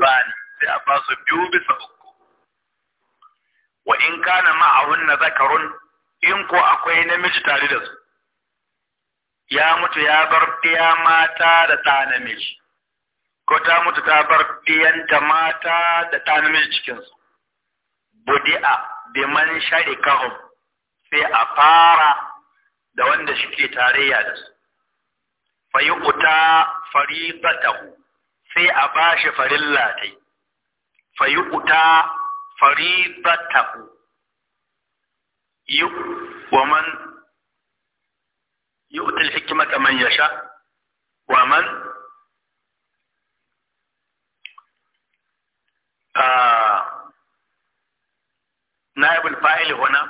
sani sai a ba biyu bisa uku wa in kana ma'ahunna zakarun in ko akwai namiji tare da su ya mutu ya bar ɗiya mata da ɗa namiji ko ta mutu ta bar ɗiyanta mata da ɗa namiji a budi'a biman sharikahum sai a fara da wanda shi ke tarayya da su fayuquta fariqatahu sai a bashi farilla ta yi fayuta faribatahu yu wa man yu'ti al-hikmata man yasha wa man نائب الفاعل هنا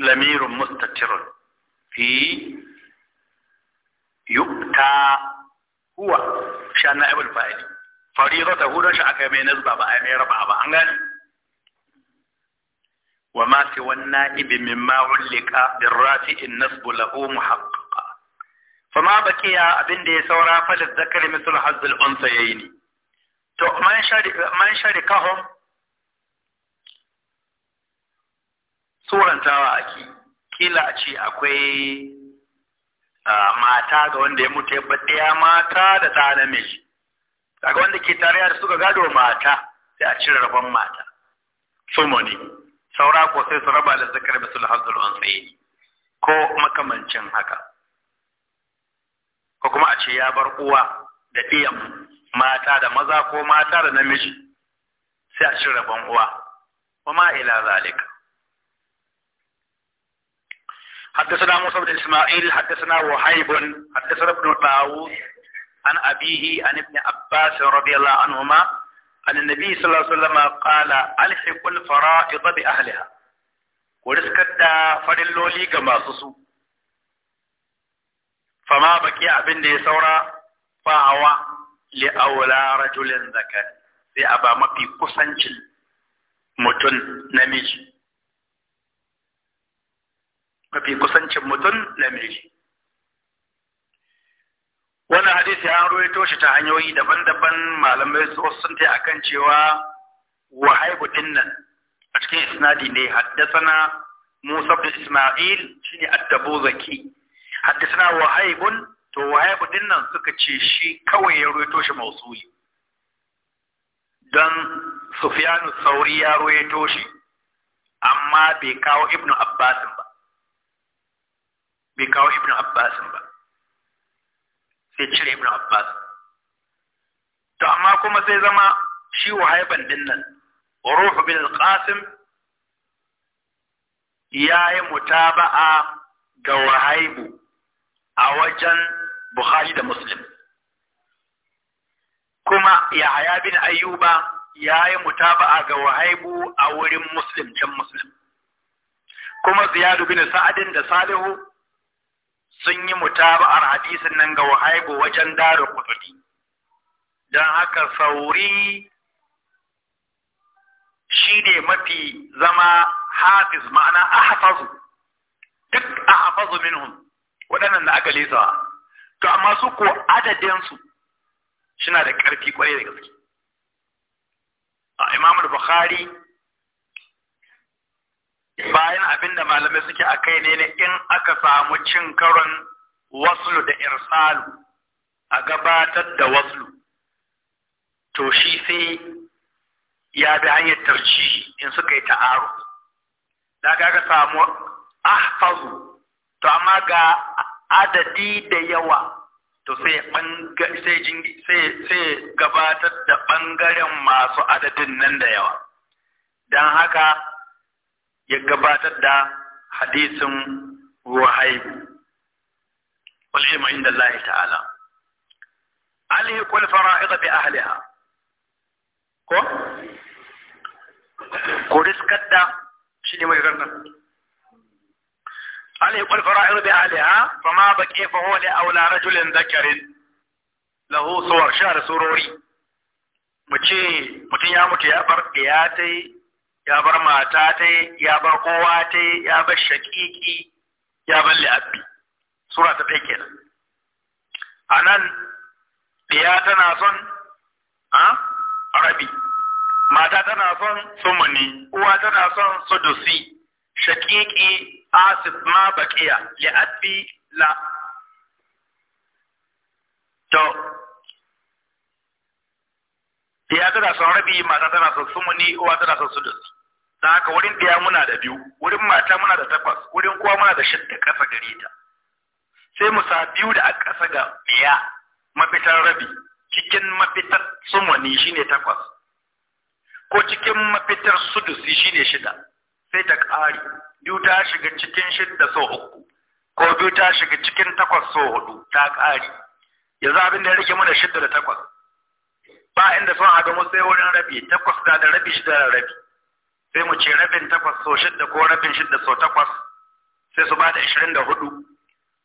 ضمير مستتر في يؤتى هو شان نائب الفاعل fariza ta hudun shi aka mai nazba ba a mai raba ba an gane wa ma si wanna ibi min ma ulika bin rafi'in nasbu lahu muhaqqa fa ma bakiya abin da ya saura falis zakari misal hazzul unsayaini to man shari man shari kahum surantawa ake kila a ce akwai ah, mata ga wanda ya mutu ya baɗaya mata da ɗa namiji Daga wanda ke tare da suka gado mata sai a cire rabon mata sumoni saura ko sai su raba da zakar da hazzul unsayi ko makamancin haka ko kuma a ce ya bar uwa da ɗiyan mata da maza ko mata da namiji sai a cire rabon uwa وما ila zalika حدثنا موسى بن إسماعيل حدثنا وهيب حدثنا ابن طاووس عن أبيه عن ابن عباس رضي الله عنهما أن النبي صلى الله عليه وسلم قال ألحق الفرائض بأهلها ورزقت دا فرلولي كما سسو فما بكي أبن دي سورا فهو لأولى رجل ذكر في أبا مكي mafi متن نميج namiji mafi متن نميج wannan hadisi an ruwaito shi ta hanyoyi daban-daban malamai sun ta akan cewa haibu dinnan a cikin isnadi ne haddasana Musa bin Isma'il shine at-Tabuzaki haddasana haibun to haibu dinnan suka ce shi kawai ya ruwaito shi mausuli don Sufyanu Sauri ya ruwaito shi amma bai kawo Ibn Abbas ba bai kawo Ibn Abbas ba sai cire ibn abbas to amma kuma sai zama shi wahaiban din nan ruhu bin qasim ya yi mutaba'a ga wahaibu a wajen bukhari da muslim kuma yahaya bin ayyuba ya yi mutaba'a ga wahaibu a wurin muslim can muslim kuma ziyadu bin sa'adin da salihu sun yi mutaba'ar hadisin nan ga wahaibu wajen darin kutubi don haka sauri shi ne mafi zama hafiz ma'ana a Hafazu. duk a Hafazu minhum waɗannan da aka lisa to amma su ko adadinsu suna da ƙarfi ƙwarai da gaske a imamul bukhari bayan abin da malamai suke a kai ne in aka samu cin karon waslu da irsalu a gabatar da waslu to shi sai ya bi hanyar tarci in suka yi ta'aru da aka samu ahfazu to amma ga adadi da yawa to sai sai gabatar da ɓangaren masu adadin nan da yawa don haka ya gabatar da hadisin wahaibu والعلم عند الله تعالى ألهق الفرائض بأهلها ko ko riskar da shi ne mai garnar alaihi kwal fara'ir bi aliha fa ma baqi fa huwa li aula rajulin dhakarin lahu suwar shar surori mu ce mutum ya mutu ya bar ya tai ya bar mata ta ya bar kowa ta ya bar shakiki, ya bar li'abbi sura ta ɗaya kenan a nan ɗiya tana son a rabi mata tana son sumuni uwa tana son sudusi Shakiki, asif ma baƙiya li'abbi la to da ya tana son rabi mata tana son sumuni uwa tana son sudus da haka wurin ɗaya muna da biyu wurin mata muna da takwas wurin kowa muna da shidda ƙasa gare ta sai mu sa biyu da a ƙasa ga ɗaya mafitar rabi cikin mafitar sumani ne takwas ko cikin mafitar sudusi ne shida sai ta ƙari biyu ta shiga cikin shidda sau uku ko biyu ta shiga cikin takwas sau hudu ta ƙari yanzu abin da ya rike mana shidda da takwas ba inda son haɗu mu sai wurin rabi takwas da rabi shida da rabi sai mu ce rabin takwas so shidda ko rabin shidda so takwas sai su ba da ishirin da hudu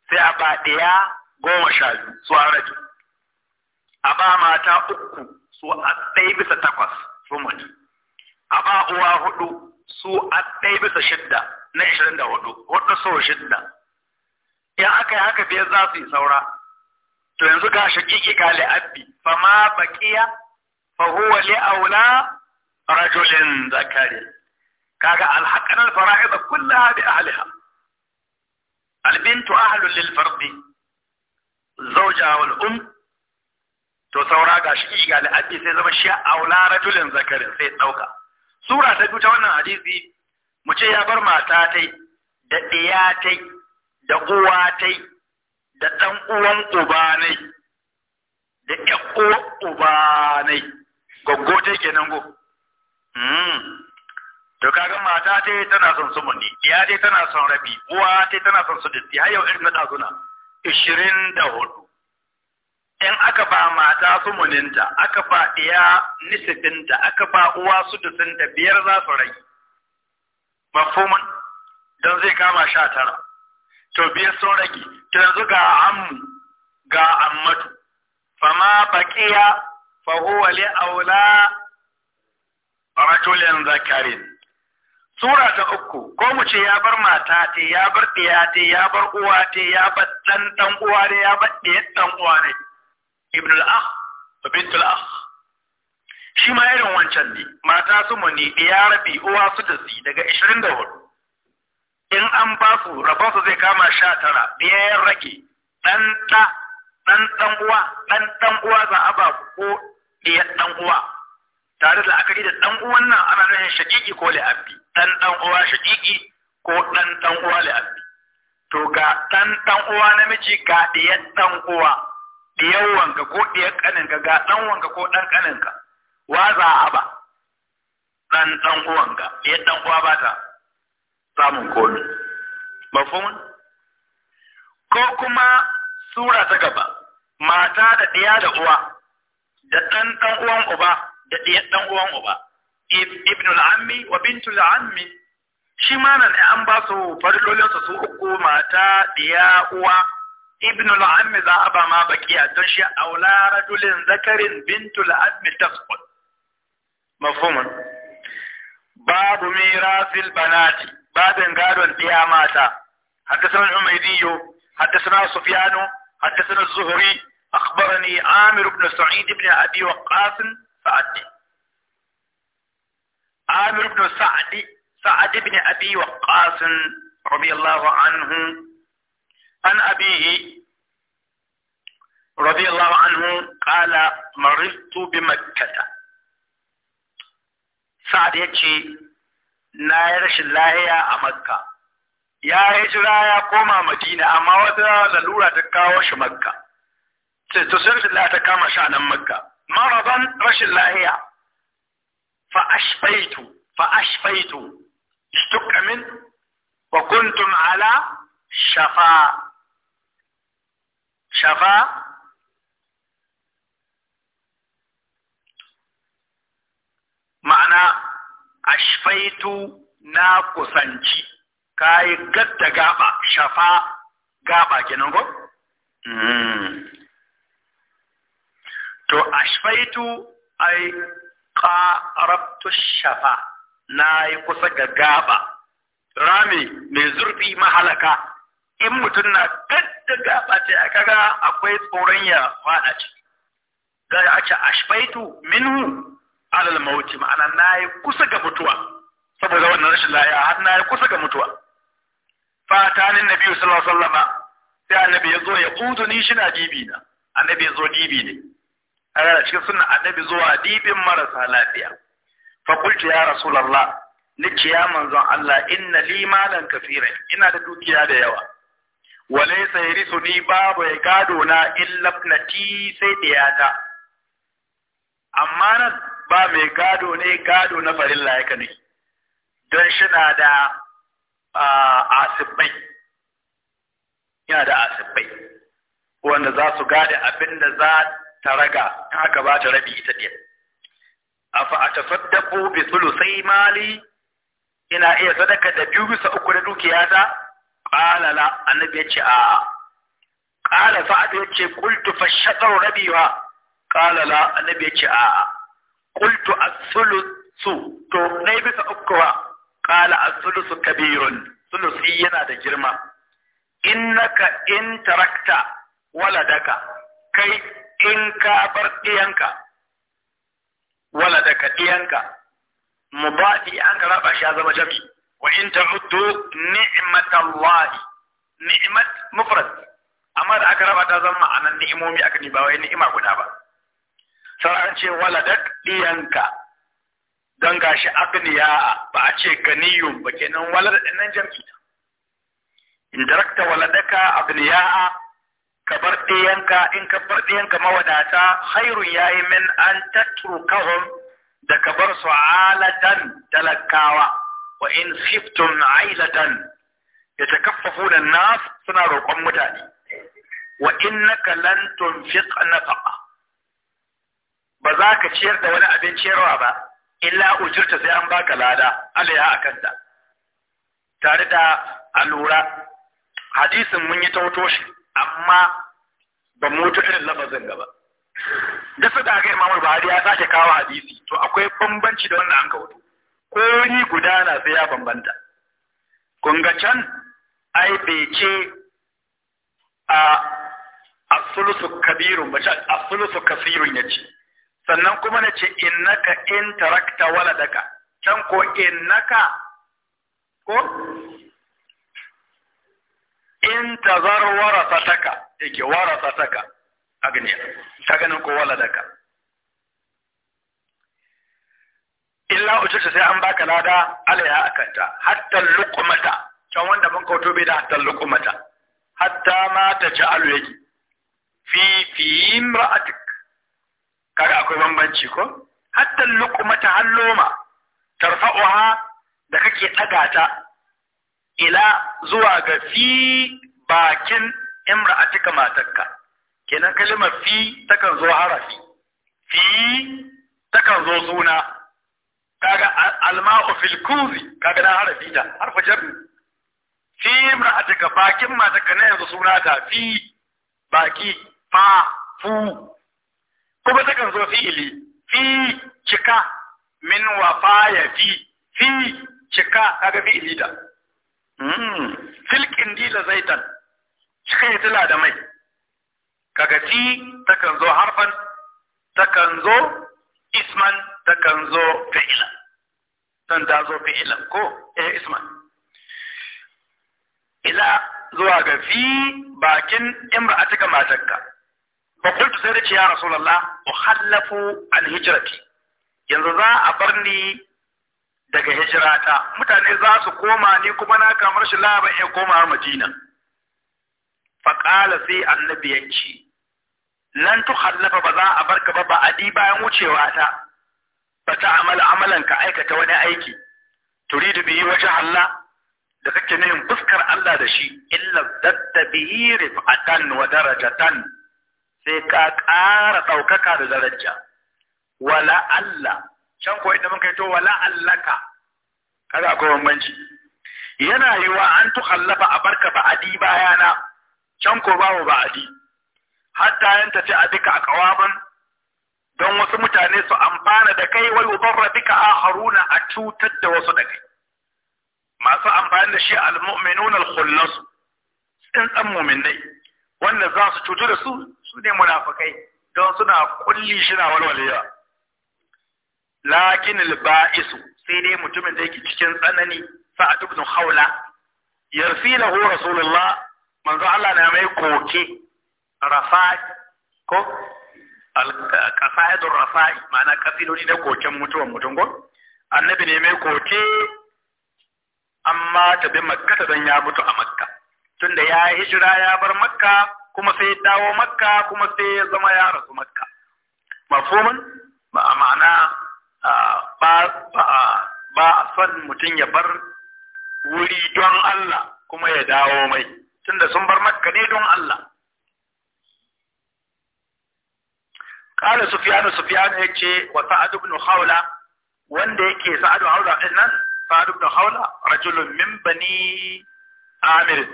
sai a ba ɗaya goma sha biyu su a rabi a ba mata uku su a ɗaya bisa takwas su mutu a ba uwa hudu su a ɗaya bisa shidda na ishirin da hudu hudu so shidda in aka yi haka biyar za su yi saura to yanzu ga shakiki ka li'abbi fa ma baqiya fa huwa li aula rajulin zakarin kaga alhaqanal fara'id kullaha bi ahliha albintu ahlu lil fardi zawja wal um to saura ga shi ga al'abi sai zama shi aula rajulin zakarin sai dauka sura ta biyu wannan hadisi mu ce ya bar mata tai da diya tai da uwa tai da dan uwan uba ne da ƴan uwa uba ne goggo tai nan go Hmm. to kaga mata ce tana son sumuni iya ce tana son rabi uwa ce tana son su sudusi har yau irin na ɗazuna ishirin da hudu in aka ba mata sumuninta aka ba iya nisifinta aka ba uwa su dutsinta biyar za su rage Mafumin don zai kama sha tara to biyar sun rage to yanzu ga ammu ga ammatu fama baqiya fahuwa huwa aula rajulin zakarin sura ta uku ko mu ce ya bar mata te ya bar ɗiya te ya bar uwa te ya bar dan dan uwa ne ya bar ɗiyar ɗan uwa ne ibn al-akh bint al-akh shi ma irin wancan ne mata su ne ɗiya rabi uwa su da si daga 24 in an ba su rabon su zai kama sha tara biyar rage dan ta dan dan uwa dan dan uwa za a ba ko ɗiyar ɗan uwa tare da akari da dan uwan nan ana nufin shaqiqi ko li'abbi dan dan uwa shaqiqi ko dan dan uwa li'abbi to ga dan dan uwa namiji ga ɗiyan dan uwa diyan wanka ko ƙanin ka ga dan wanka ko dan ka, wa za a ba dan dan ka? diyan dan uwa ba ta samun komi mafhum ko kuma sura ta gaba mata da diya da uwa da dan dan uwan uba da ɗiyar ɗan uwan uba ibn al-ammi wa bint al-ammi shi ma nan an ba su farlolin su su uku mata ɗiya uwa ibn al-ammi za a ba ma baqiya don shi aula rajulin zakarin bint al-ammi tasqut mafhumun babu mirasil banati babin gadon ɗiya mata حدثنا الحميدي حدثنا سفيان حدثنا الزهري أخبرني عامر بن سعيد بن أبي وقاص sa'adi amir ibn sa'adi sa'ad ibn abi waqqas radiyallahu anhu an abihi radiyallahu anhu qala maristu bi makkah sa'ad yace na yi rashin lahiya a makka ya yi jira ya koma madina amma wata lalura ta kawo shi makka sai ta sun ta kama shi a nan makka مرضا رش الله هي فأشفيت فأشفيت اشتك من وكنتم على شفاء شفاء معنى أشفيت ناقصنجي كاي قد تقابا شفاء قابا جنوبه qasaitu ai qarabtu shafa na yi kusa ga gaba rami mai zurfi mahalaka in mutum na gadda gaba ce kaga akwai tsoron ya fada ce. da ya ce ashfaitu minhu alal mauti ma'ana na yi kusa ga mutuwa saboda wannan rashin laya har na yi kusa ga mutuwa fatanin nabi sallallahu alaihi wasallam sai annabi ya zo ya kudu ni shi na dibi na annabi ya zo dibi ne a cikin sunna annabi zuwa dibin marasa lafiya fa qultu ya rasulullah nace ya manzon Allah inna li malan kafira ina da dukiya da yawa wa laysa yarisuni babu ya gado na illa nati sai ta. amma nan ba mai gado ne gado na farilla yake ne don shi na da asibai yana da asibai wanda za su gada abin da za ta raga ta aka ba ta rabi ita din afa a tasaddaku bi sai mali ina iya sadaka da biyu bisa uku dukiya dukiyata qala la annabi ya ce a qala fa ya ce qultu fa shatar rabiha qala la annabi ya ce a qultu as-sulusu to nai bisa uku wa qala as-sulusu kabirun thulusi yana da girma innaka in tarakta waladaka kai in ka bar ɗiyanka wala daga ɗiyanka mubadi an ka raba shi ya zama jami wa in ta'uddu ni'matallahi ni'mat mufrad amma da aka raba ta zama ma'anan ni'imomi aka ni ba wai ni'ima guda ba sai an ce wala dak ɗiyanka don gashi agniya ba a ce ganiyun ba kenan wala da nan jami'a. in darakta wala daka agniya ka bar ɗayanka in ka bar ɗayanka mawadata khairun yayi min an tatrukahum da ka bar su alatan talakawa wa in khiftum ailatan da nas suna roƙon mutane wa innaka lan tunfiq nafaqa ba za ka ciyar da wani abin ciyarwa ba illa ujirta sai an baka lada alaiha akanta tare da alura hadisin mun yi tauto shi amma ba mu mutu irin lafazin gaba da su da aka imamul buhari ya sake kawo hadisi to akwai bambanci da wannan an kawo ko ni gudana sai ya bambanta kun can ai bai ce a asulusu kabirun ba ce asulusu kasirun ya ce sannan kuma na ce innaka in tarakta waladaka can ko innaka ko in tazar taka, yake warasataka agniya ta ganin ko daka. illa ujurta sai an baka lada alaiha akanta hatta luqmata can wanda mun kawo bai da hatta luqmata hatta ma ta ja'alu yake fi fi imra'atik kaga akwai bambanci ko hatta luqmata halloma tarfa'uha da kake tagata. ta ila zuwa ga fi bakin imra'atika matakka kenan kalmar fi takan zo harafi fi takan zo suna kaga alma'u fil kuzi kaga na harafi ta harfa jar fi imra'atika bakin matakka na yanzu suna ta fi baki fa fu kuma takan zo fi'ili fi cika min wafa ya fi fi cika kaga fi'ili ta. filkin mm. dila zaitan cikin tila da mai kaga ti takan zo harfan takan zo isman takan zo fi'ila san ta zo fi'ilan ko eh isman ila zuwa ga fi bakin cika matakka ba kultu sai da ce ya rasulallah uhallafu an hijrati yanzu za a bar ni daga hijirata mutane za su koma ni kuma na kamar shi laba ya koma madina faƙala sai annabi ya ce lan tu hallafa ba za a barka ba ba a di bayan wucewa ta ba ta amala amalan ka aikata wani aiki turidu bihi wajen Allah da kake neman fuskar Allah da shi illa dadda bihi rif'atan wa darajatan sai ka ƙara ɗaukaka da daraja wala Allah can ko inda muka yi to wala allaka Kada akwai bambanci yana yiwa an khallafa a barka ba'adi bayana can ko babu ba'adi hatta yan ce a duka akawaban don wasu mutane su amfana da kai wai ubarra duka haruna a cutar da wasu da kai masu amfani da shi al-mu'minun al-khullasu mu'minai wanda za su cutu da su su ne munafikai don suna kulli shi na walwalewa lakin alba'isu sai dai mutumin da yake cikin tsanani sa'ad ibn haula. yarfi lahu rasulullah manzo Allah na mai koke rafa'i ko al-qasa'idur rafa'i ma'ana kafiloni na koken mutuwan mutum ko annabi ne mai koke amma tabi makka dan ya mutu a makka tunda ya hijira ya bar makka kuma sai dawo makka kuma sai ya zama ya rasu makka mafhumin ma'ana ba a son mutum ya bar wuri don Allah kuma ya dawo mai tunda sun bar makka ne don Allah قال ya ce wa Sa'adu bin خولة wanda yake sa'adu haula din nan sa'adu da haula rajulun min bani amir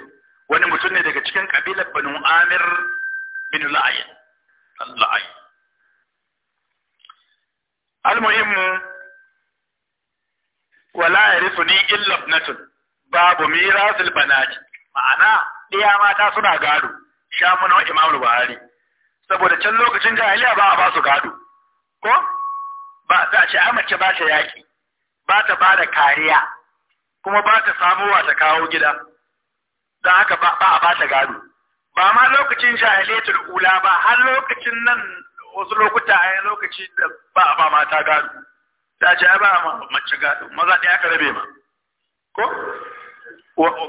wani mutum ne daga cikin kabilar banu amir bin la'ayin la'ayin almuhimmu wala yarisu ni illa ibnatun babu mirasul banati ma'ana ɗiya mata suna gado sha mana imam buhari saboda can lokacin jahiliya ba a ba su gado ko ba za ce a mace ba ta yaki ba ta ba da kariya kuma ba ta wa ta kawo gida don haka ba a ba ta gado ba ma lokacin jahiliyatul ula ba har lokacin nan wasu lokuta a yi lokaci da ba a ba mata gado ta ce ba a mace gado maza ɗaya aka rabe ma ko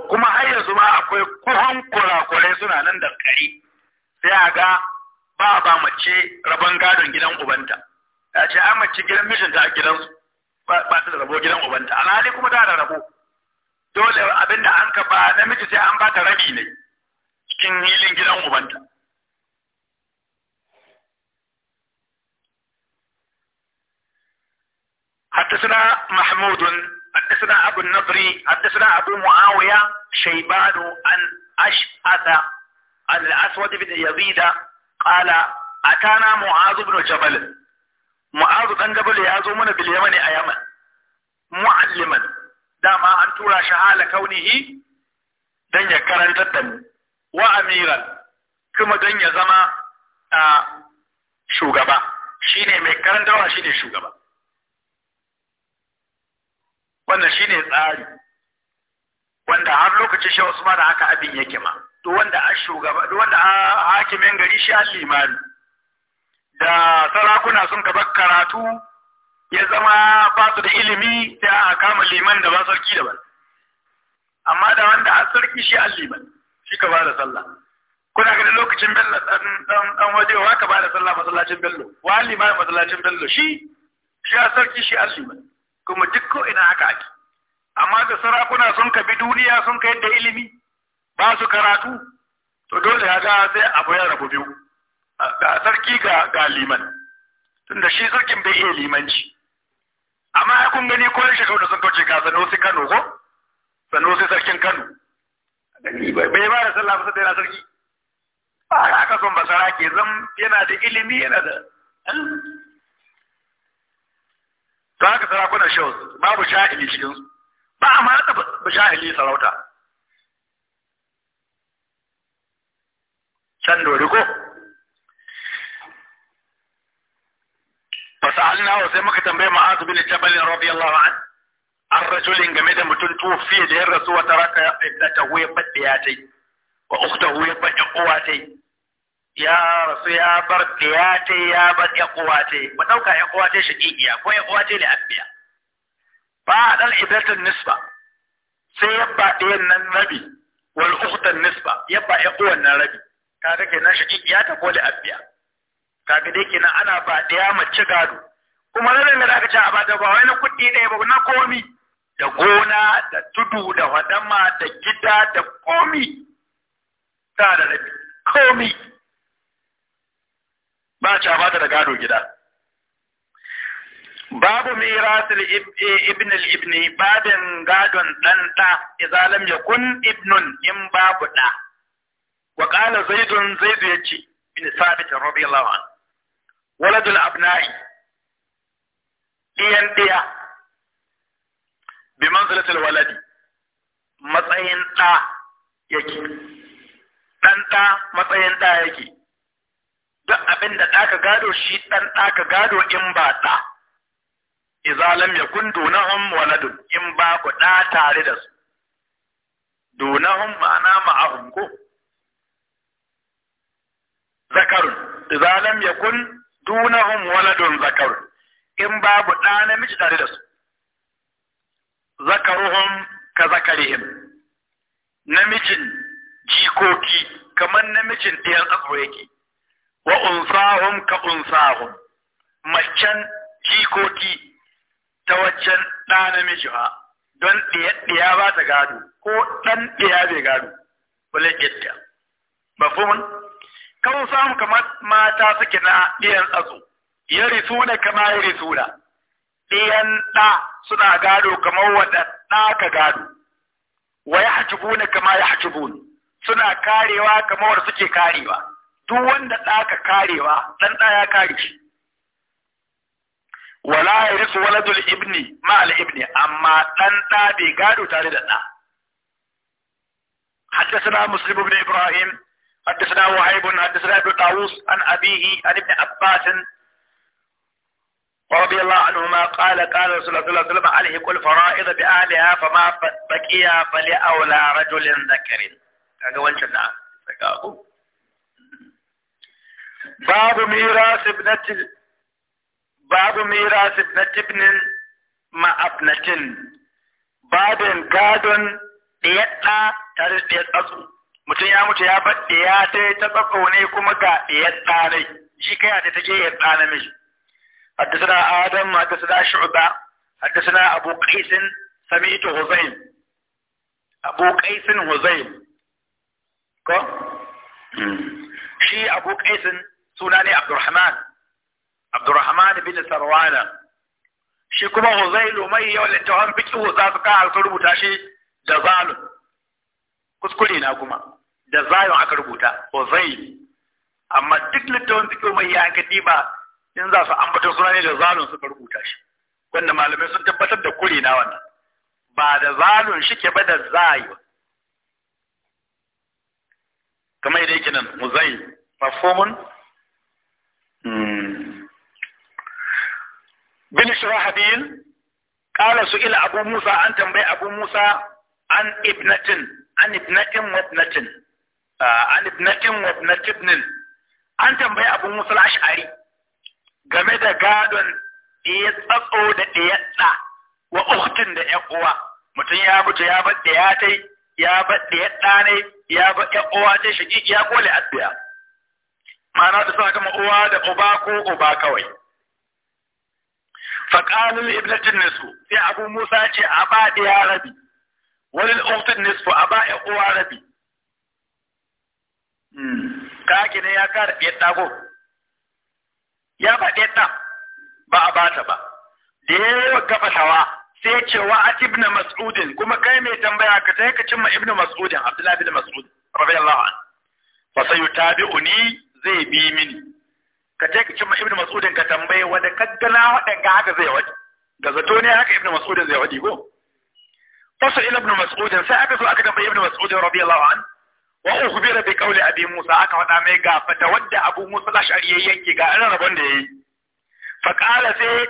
kuma har yanzu ma akwai kuhan kurakurai suna nan da kari sai a ga ba a ba mace rabon gadon gidan ubanta ta ce a mace gidan mijinta a gidansu ba ta da rabo gidan ubanta alhali kuma ta da rabo dole abinda an ka ba namiji sai an ba ta rabi ne cikin hilin gidan ubanta حدثنا محمود حدثنا أبو النضر حدثنا أبو معاوية شيبان عن أشعث عن الأسود بن يزيد قال أتانا معاذ بن جبل معاذ بن جبل يازومنا باليمن أيمن معلما داما أن ترى شحال كونه دن يكرن تدن وأميرا كما دن يزما شوغبا شيني مكرن دوا شيني شوغبا wannan shi ne tsari wanda har lokacin shi mara haka abin yake ma duk wanda a shugaba duk wanda a hakimin gari shi a limani da sarakuna sun gaba karatu ya zama ba su da ilimi da a kama liman da ba sarki ba amma da wanda a sarki shi a liman shi ka ba da sallah kuna ganin lokacin bello dan dan dan ka ba da sallah masallacin bello wali ma masallacin bello shi shi a sarki shi a liman kuma duk ko ina haka ake amma da sarakuna sun kabi duniya sun kai da ilimi ba su karatu to dole ya ga sai abu ya rabu biyu ga sarki ga ga liman tunda shi sarkin bai iya limanci amma ya kun gani ko shekaru da sun kauce sanu sai Kano ko sai sarkin Kano bai ba da sallah sai na sarki ba haka son basara ke zan yana da ilimi yana da to haka sarakuna shaus babu jahili cikinsu, ba a mata ba jahili sarauta can dori ko fasa'alna sai muka tambaye ma'azu bin jabal radiyallahu anhu an rajulin game da mutum tufiye da ya rasu wata raka ya fidda ta huye baɗe ya ta yi wa ukta huye baɗe uwa ta yi ya rasu ya bar ɗiyate ya bar ce mu ɗauka ce shaƙiƙiya ko ce da abbiya ba a ɗan ibatin nisba sai yabba ɗayan nan rabi wal ukhtan nisba ya kowa nan rabi kaga kenan shaƙiƙiya ta ko da abbiya ga dai kenan ana ba ɗaya mace gado kuma rabin da aka ce a ba ba wai na kuɗi ɗaya ba na komi da gona da tudu da hadama da gida da komi ta da rabi komi ba ci ba ta da gado gida babu mirasul eh, ibn al ibni babin gadon dan ta idza lam yakun ibnun in babu da wa qala zaidun zaidu yace bin sabit radiyallahu an waladul abna'i iyan diya bi manzilatil waladi matsayin da yake dan da matsayin da yake duk abin da ɗaka gado shi ɗan ɗaka gado in ba ɗa iza lam yakun dunahum waladun in ba ku ɗa tare da su dunahum ma'ana ma'ahum ko zakarun iza lam yakun dunahum waladun zakarun in ba ku ɗa namiji tare da su zakaruhum ka zakarihim namijin jikoki kamar namijin ɗayan tsatso yake wa unsahum ka unsahum macen jikoki ta waccan ɗa namiji ha don ɗiya ba ta gado ko ɗan ɗiya bai gado wala jidda fuhun ka unsahum kamar mata suke na ɗiyan tsatso ya risuna kama ya risuna ɗiyan ɗa suna gado kamar wadda ɗa ka gado wa ya hajibuna kama ya hajibun suna karewa kamar suke karewa duk wanda ɗa karewa ɗan ɗa ya kare shi wala ya risu waladul ibni ma al ibni amma ɗan ɗa bai gado tare da ɗa حدثنا مسلم بن إبراهيم حدثنا وهيب حدثنا ابن طاووس عن أبيه عن ابن عباس ورضي الله عنهما قال قال رسول الله صلى الله عليه وسلم عليه كل فرائض بأهلها فما بقي فلأولى رجل ذكر هذا وانشنا babu miras ibnati babu miras ibnati ibnin ma'abnatin babin gadon ɗiyaɗa mutum ya mutu ya bar ɗiya ta ta kuma ga ɗiyar ɗanai shi kai ta take ɗiyar ɗana mai حدثنا آدم حدثنا شعبة حدثنا أبو قيس سمعت هزيم أبو قيس هزيم ko hmm. shi abu kaisin suna ne Abdurrahman Abdurrahman bin Sarwana shi kuma Huzailu mai yawan littafin fiqh za su ka su rubuta shi da zalun kuskure na kuma da zayon aka rubuta Huzailu amma duk littafin fiqh mai ya ka diba in za su ambata suna ne da zalun suka rubuta shi wanda malamai sun tabbatar da kure na wannan ba da zalun shike ba da zayon kamar yadda yake nan Huzailu mafhumun bin shurahabil qala ila abu musa an tambayi abu musa an ibnatin an ibnatin wa ibnatin an ibnatin wa ibnatin an tambayi abu musa al-ash'ari game da gadon ya tsatso da ɗiyatsa wa uktin da ƴan uwa mutum ya mutu ya bar da ya tai ya bar ya ɗane ya bar ƴan uwa ta shi ya kole addu'a ma'ana da suna kama uwa da uba ko uba kawai walil ibnatin nisfu sai abu musa ce a ba ɗaya rabi Wani uktin nisfu a ba uwa rabi hmm. kaki ne ya kara ɗaya ɗago ya ba ɗaya ɗan ba a bata ba da ya yi gaba tawa sai ya ce wa'at ibn mas'udin kuma kai mai tambaya ka ta ka cimma ibn mas'udin abdullahi ibn mas'ud radiyallahu anhu fa sayutabi'uni zai bi mini ka ce ka cimma ibnu mas'udin ka tambaye wanda kaddala waɗanda haka zai wani da zato ne haka ibnu mas'udin zai wadi go fasa ila ibnu mas'udin sai aka zo aka tambayi ibnu mas'udin radiyallahu an wa ukhbira bi qawli abi musa aka wada mai ga fata wadda abu musa lashari yayi yanke ga irin rabon da yayi fa qala sai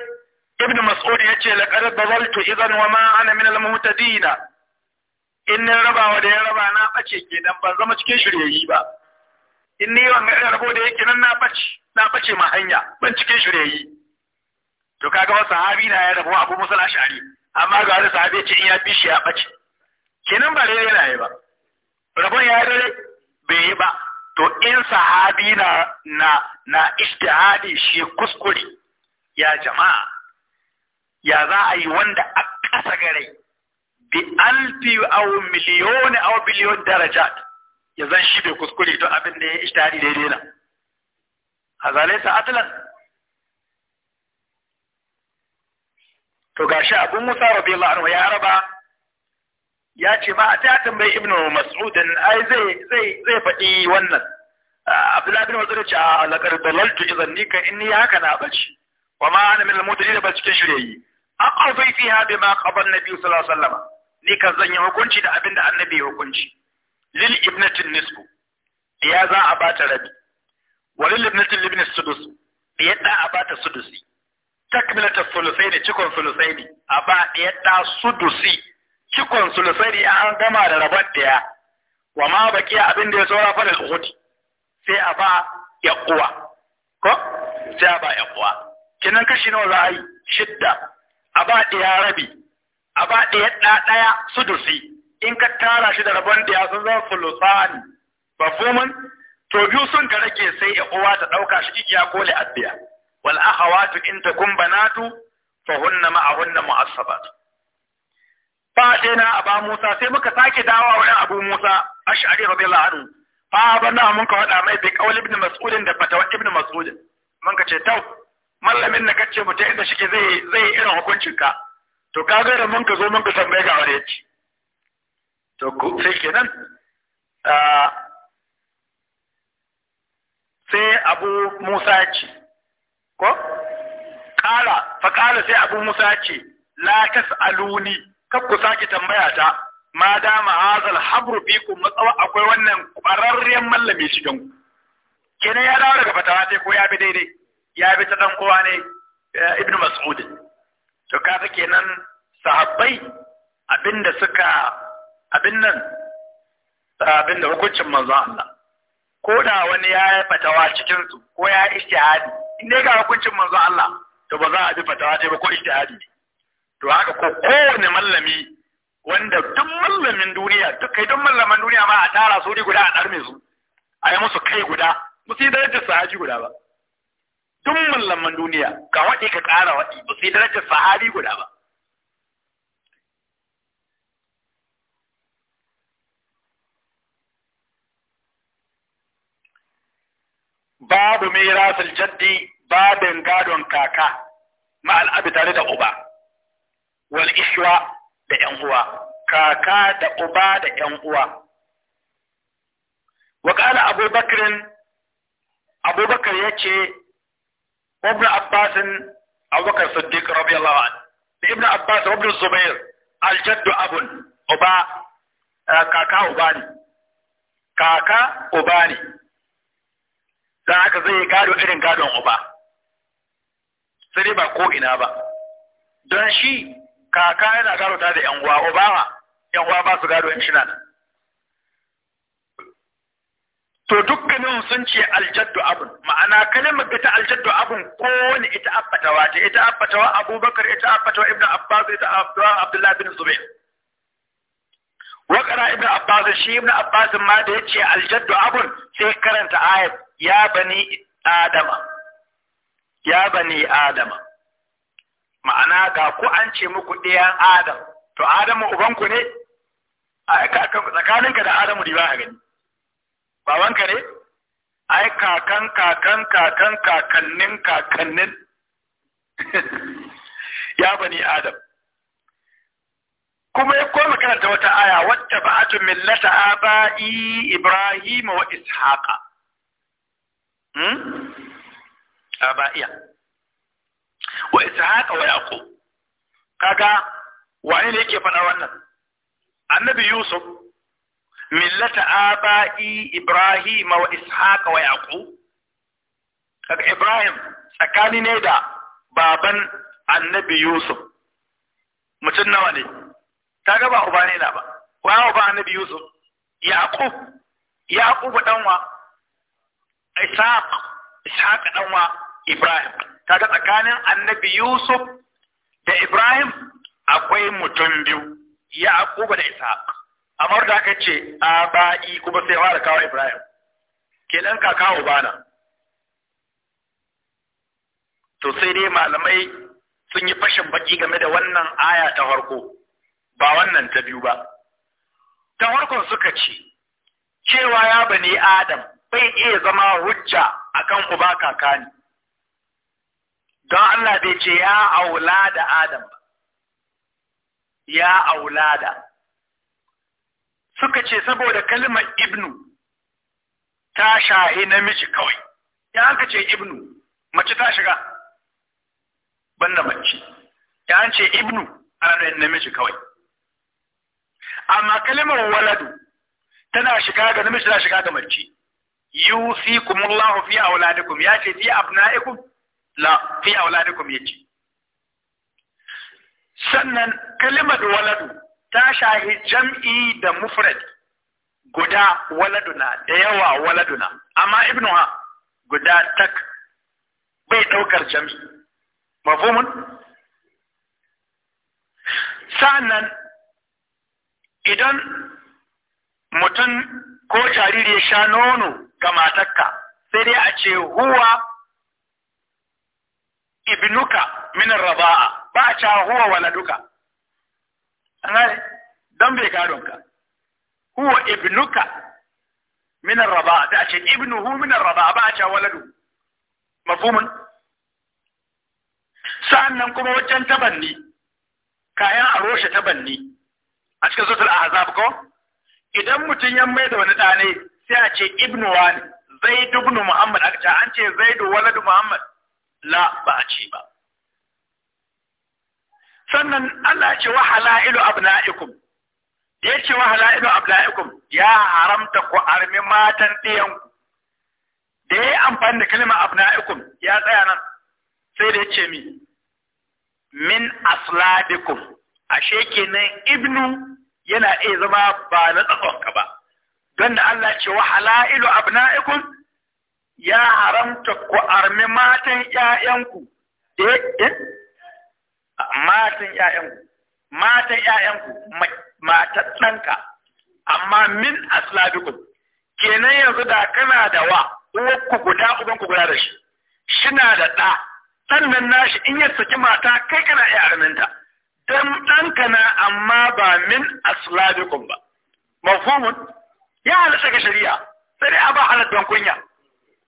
ibnu mas'ud yace laqad dalaltu idan wa ma ana min al-muhtadin in ni rabawa da ya raba na bace kenan ban zama cikin shiryayi ba in ni wanga rabo da yake nan na bace na bace ma hanya ban cikin shiryayi to kaga wasu sahabi na ya rabu abu musul ashari amma ga wani sahabi ce in ya bi ya bace kenan ba dai yana yi ba rabon ya dai bai yi ba to in sahabi na na na ijtihadi shi kuskure ya jama'a ya za a yi wanda a ƙasa gare bi alfi aw miliyon aw biliyon darajat ya zan shi bai kuskure to abin da ya ijtihadi daidai na hazalai sa to gashi abu musa radiyallahu anhu ya raba ya ce ma a ta tambayi ibnu mas'udin ai zai zai zai faɗi wannan abdullahi bin mas'ud ce a laqad dalaltu idan ni ka inni haka na bace wa ma ana min al-mudlil ba cikin shiryayi aqafi fiha bima qada an-nabi sallallahu alaihi wasallam ni kan zan yi hukunci da abinda annabi ya hukunci lil ibnatin nisfu ya za a bata rabi wa lil ibnatin libni sudus ya da a bata sudusi takmilata sulusaini cikon sulusaini a ba ɗaya ɗa sudusi cikon sulusaini an gama da rabar ɗaya wa ma baki abin da ya saura fa da zuhuti sai a ba ya uwa ko sai a ba ya uwa kinan kashi nawa za a yi shidda a ba ɗaya rabi a ba ɗaya ɗa ɗaya sudusi in ka tara shi da rabon ɗaya sun zama sulusani ba fumin to biyu sun ka rage sai ya uwa ta ɗauka shi igiya ko li'abbiya wal akhawatu in takun banatu fa hunna ma'ahunna mu'assabat fadina aba Musa sai muka sake dawowa wurin Abu Musa Ash'ari radiyallahu anhu fa bana mun ka wada mai bi qaul ibn mas'ud da fatawa ibn mas'ud mun ka ce tau mallamin na kace mu ta inda shike zai zai irin hukuncin ka to kaga da mun ka zo mun ka tambaye ga wani yace to ku sai kenan ah, sai Abu Musa ya ce ko kala fa kala sai abu musa ce la tasaluni kar ku sake tambaya ta ma dama hazal habru fikum matsawa akwai wannan kwararren mallami cikin ku kenan ya dawo daga fatawa sai ko ya bi daidai ya bi ta dan kowa ne eh, ibn mas'ud to kaga kenan sahabbai abinda suka abin nan abinda hukuncin manzo Allah ko da wani ya yi fatawa cikin su ko ya yi ishtihadi in dai ga hukuncin manzo Allah to ba za a bi fatawa ce ba ko ijtihadi to haka ko kowane mallami wanda duk mallamin duniya duk kai duk mallaman duniya ma a tara su guda a ɗarme su a yi musu kai guda ba su yi darajar sahabi guda ba duk mallaman duniya ka waɗi ka ƙara waɗi ba su yi darajar sahabi guda ba babu mirasul jaddi babin gadon kaka ma al'abi tare da uba wal ishwa da yan uwa kaka da uba da yan uwa wa kana abu abubakar yace ibn abbas abubakar siddiq radiyallahu anhu ibn abbas ibn zubair al jaddu abun uba eh, kaka uba ni. kaka uba don haka zai gado irin gadon uba sai dai ba ko ina ba don shi kaka yana gado ta da yan uwa uba yan uwa ba su gado in shina to dukkanin sun ce aljaddu abun ma'ana kalmar da ta aljaddu abun wani ita abbatawa ta ita abbatawa abubakar ita abbatawa ibnu abbas ita abbatawa abdullahi bin zubair wa qara ibnu abbas shi ibnu abbas ma da yace aljaddu abun sai karanta ayat ya bani adama ya bani adama ma'ana ga ku an ce muku ɗayan adam to adamu ubanku ne tsakaninka da adamu ba a gani babanka ne ai kakan kakan kakan kakannin kakannin ya bani adam kuma ya koma karanta wata aya wacce ba'atun millata aba'i Ibrahim wa ishaqa Hmm? iya. wa haka wa yaqub kaga wa ne yake faɗa wannan annabi yusuf millata aba'i ibrahim wa ishaqa wa yaqub kaga ibrahim tsakani ne da baban annabi yusuf mutum nawa ne kaga ba uba ne na ba wa uba annabi yusuf yaqub yaqub danwa Isaac ishaq danwa ibrahim kaga tsakanin annabi yusuf da ibrahim akwai mutum biyu yaquba da ishaq amma da aka ce ba'i kuma sai fara kawo ibrahim kenan ka kawo bana to sai dai malamai sun yi fashin baki game da wannan aya ta farko ba wannan ta biyu ba ta farkon suka ce cewa ya bani adam sai iya zama hujja akan uba ne. don Allah bai ce ya aula da Adam ba ya da. suka ce saboda kalmar ibnu ta shahi namiji kawai ya an ce ibnu mace ta shiga da mace ya an ce ibnu ana namiji kawai amma kalmar waladu tana shiga ga namiji ta shiga ga mace yusikumullahu fi auladikum ya ce fi abna'ikum la fi auladikum yace sannan kalimar waladu ta shahi jam'i da mufrad guda waladuna da yawa waladuna amma ibnu ha guda tak bai daukar jam'i mafhumun sannan idan mutum ko jariri ya sha nono ga matarka sai dai a ce huwa ibnuka min raba'a ba a cewa huwa waladuka don bai gadon ka huwa ibnuka min raba'a da a ce ibnuhu min raba'a ba a cewa waladu mafhumun nan kuma wajen tabanni kayan a roshe tabanni a cikin suratul ahzab ko idan mutum ya mai da wani ɗane sai a ce ibnu wani zai dubnu muhammad aka ce an ce zai wani du muhammad la ba a ce ba sannan Allah ce wa halailu abna'ikum ya ce wa halailu abna'ikum ya haramta ku armi matan ɗiyan da ya amfani da kalmar abna'ikum ya tsaya nan sai da ya ce mi min asladikum ashe kenan ibnu yana iya zama ba na tsatsonka ba don da Allah ce wa halailu abna'ikum ya haramta ku armi matan 'ya'yanku eh, eh matan ‘ya’yanku, matan matan ɗanka amma min kenan yanzu da kana da wa ku guda ku guda da shi shina da ɗa sannan nashi in ya saki mata kai kana iya arminta dan ɗanka na amma ba min aslabikum ba mafhumun ya halatta ga shari'a sai dai a ba don kunya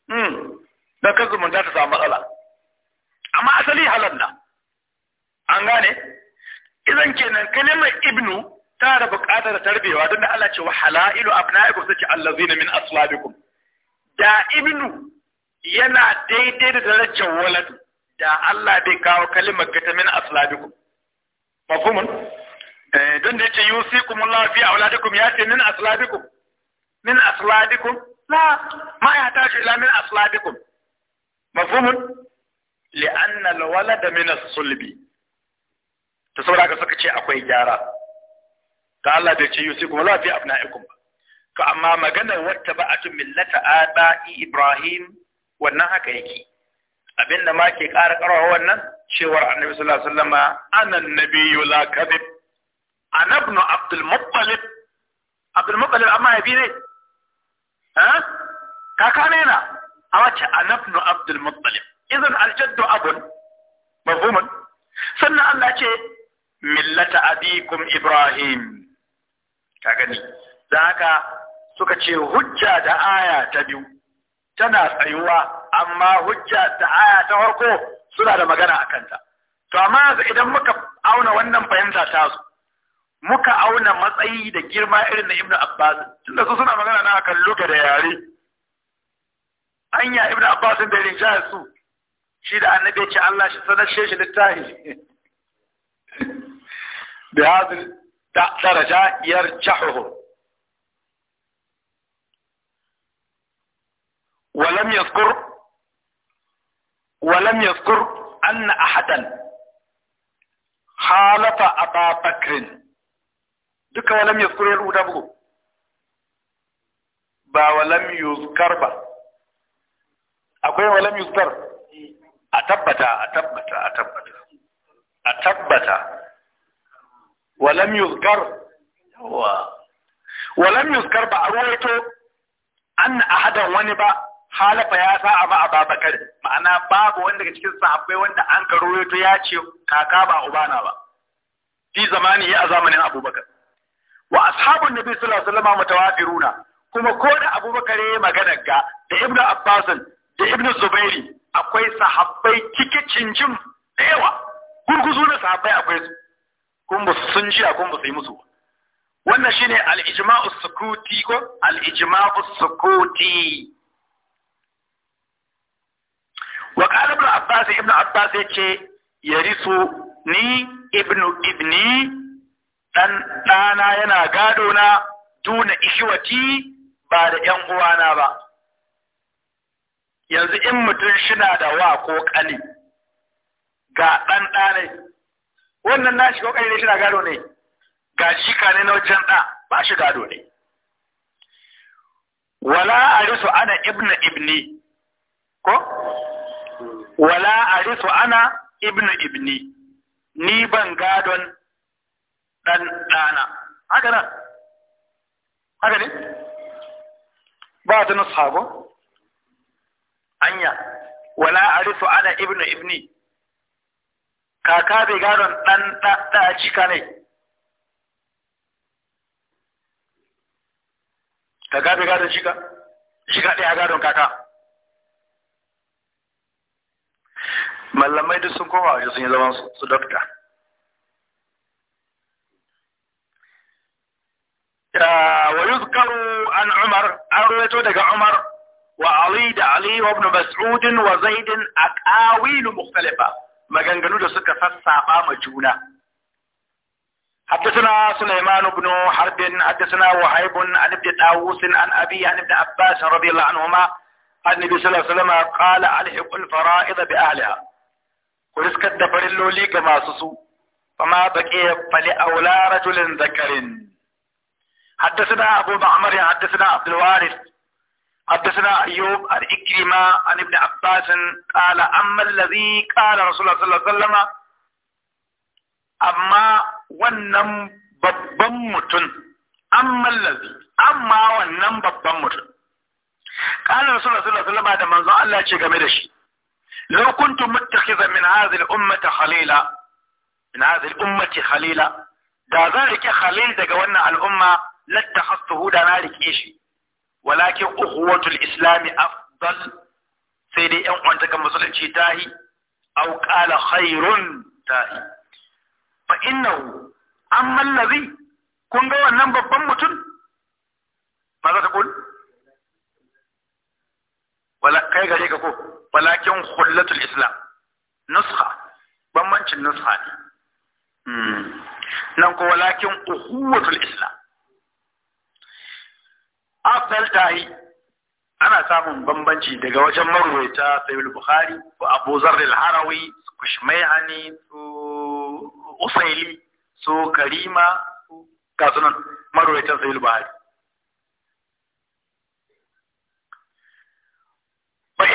hmm kan da ta samu matsala amma asali halar na an gane idan kenan kalimar ibnu ta da buƙatar tarbewa don da Allah ce wa halailu abna'ikum sace allazina min aslabikum da ibnu yana daidai da darajar walad da Allah bai kawo kalimar gata min aslabikum mafumin eh, don da yake lafiya a auladikum ya ce min aslabikum min asladikum na ma ya tashi ila min asladikum mafumin li'anna alwalada min as-sulbi Ta saboda ka suka ce akwai gyara ta Allah da ce kuma lafiya fi abna'ikum ka amma maganar wata ba a tun millata aba'i ibrahim wannan haka yake abinda ma ke ƙara ƙarawa wannan cewar annabi sallallahu alaihi wasallama anan nabiyyu la kadhib ana ibn abdul muttalib abdul muttalib amma yabi ne ha kaka ne na amma ce ana ibn abdul muttalib idan aljaddu abun mafhumun sannan Allah ce millata abikum ibrahim ka gani dan haka suka ce hujja da aya ta biyu tana tsayuwa amma hujja da aya ta farko suna da magana a kanta to amma yanzu idan muka auna wannan fahimta ta muka auna matsayi da girma irin na Ibn abbas tunda su suna magana na akan Luka da yare anya Ibn abbas da rinjaya su shi da annabi ce Allah shi sanar shi littahi da hadin daraja yarjahu ولم يذكر ولم يذكر أن أحدا خالف أبا بكر دك ولم يذكر الأدب با ولم يذكر با أقول ولم يذكر أتبت أتبت أتبت أتبت ولم يذكر هو ولم يذكر با أرويته أن أحدا ونبا halafa ya sa ba Ababakar ma'ana babu wanda daga cikin sahabbai wanda an karo to ya ce kaka ba ubana ba fi zamani ya a zamanin Abubakar wa ashabun nabi sallallahu alaihi wasallam mutawafiruna kuma ko da Abubakar ya magana ga da Ibn Abbas da Ibn Zubairi akwai sahabbai kike cincin da yawa gurguzu na sahabbai akwai su kun ba sun ji kun ba su yi musu wannan shine al ijmau sukuti ko al ijmau sukuti wa qala ibn abbas ibn abbas yace yarisu ni ibnu ibni dan dana yana gado na duna ishwati ba da yan uwana ba yanzu in mutum shina da wa ko kani ga dan dane wannan nashi ko kani ne shina gado ne ga shi ne na wajen da ba shi gado ne wala arisu ana ibnu ibni ko wala arisu ana ibnu ibni ni ban gadon dan dana haka nan haka ne ba ta nusa ko anya wala arisu ana ibnu ibni kaka bai gadon dan da cika ne kaka bai gadon cika cika ɗaya gadon kaka malamai duk sun koma waje sun yi zaman su dokta wa yuzkaru an umar an rawaito daga umar wa ali da ali wa ibn mas'ud wa zaid aqawil mukhtalifa maganganu da suka sassaba ma juna حدثنا سليمان بن حرب حدثنا وهيب عن ابن طاووس عن أبي عن ابن عباس رضي الله عنهما عن النبي صلى الله عليه وسلم قال ألحق الفرائض بأهلها ku riskar da farilloli ga masu su fama baqiya fali aula rajulin zakarin حدثنا أبو معمر حدثنا عبد الوارث حدثنا أيوب عن إكرمة عن ابن عباس قال أما الذي قال رسول الله صلى الله عليه وسلم أما ونم ببمت أما الذي أما ونم ببمت قال رسول الله صلى الله عليه وسلم هذا منظر الله يجي game da shi لو كنت متخذا من هذه الأمة خليلا من هذه الأمة خليلا دا ذلك خليل دقونا قولنا الأمة لاتخذته دا نالك إيشي ولكن أخوة الإسلام أفضل سيدي أن أنتك مسلم تاهي أو قال خير تاهي فإنه أما الذي كن قوى النمبر بمتن ماذا تقول؟ kai gare ka ko walakin hullatul islam nusha bambancin nusha ne hmm. nan ko walakin uhuwatul islam afdal tahi ana samun bambanci daga wajen marwaita sayyid bukhari ko abu zarr al-harawi kushmayani su usaili su karima ga sunan marwaitan sayyid bukhari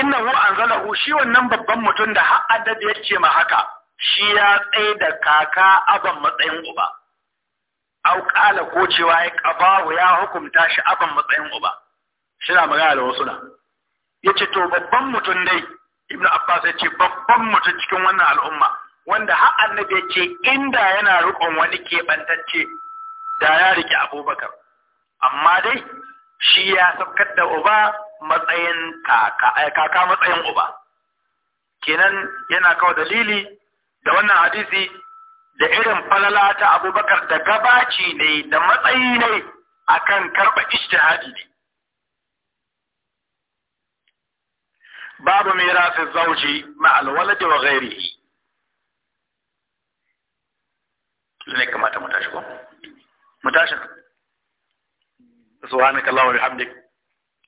innahu anzalahu shi wannan babban mutum da har adab ya ce ma haka shi ya tsaye da kaka aban matsayin uba au kala ko cewa ya qabahu ya hukumta shi aban matsayin uba shina magana da wasu na yace to babban mutum dai ibnu abbas ya ce babban mutum cikin wannan al'umma wanda har annabi ya ce inda yana rikon wani keɓantacce da ya rike abubakar amma dai shi ya sabkar da uba matsayin kaka eh, kaka matsayin uba kenan yana kawo dalili da wannan hadisi da irin falala ta abubakar da gabaci ne da matsayi ne kan karɓa ishtihadi ne babu rafi zauji ma'alwala da wa ghairihi ne kamata mu tashi ko mu tashi subhanakallahumma wa bihamdika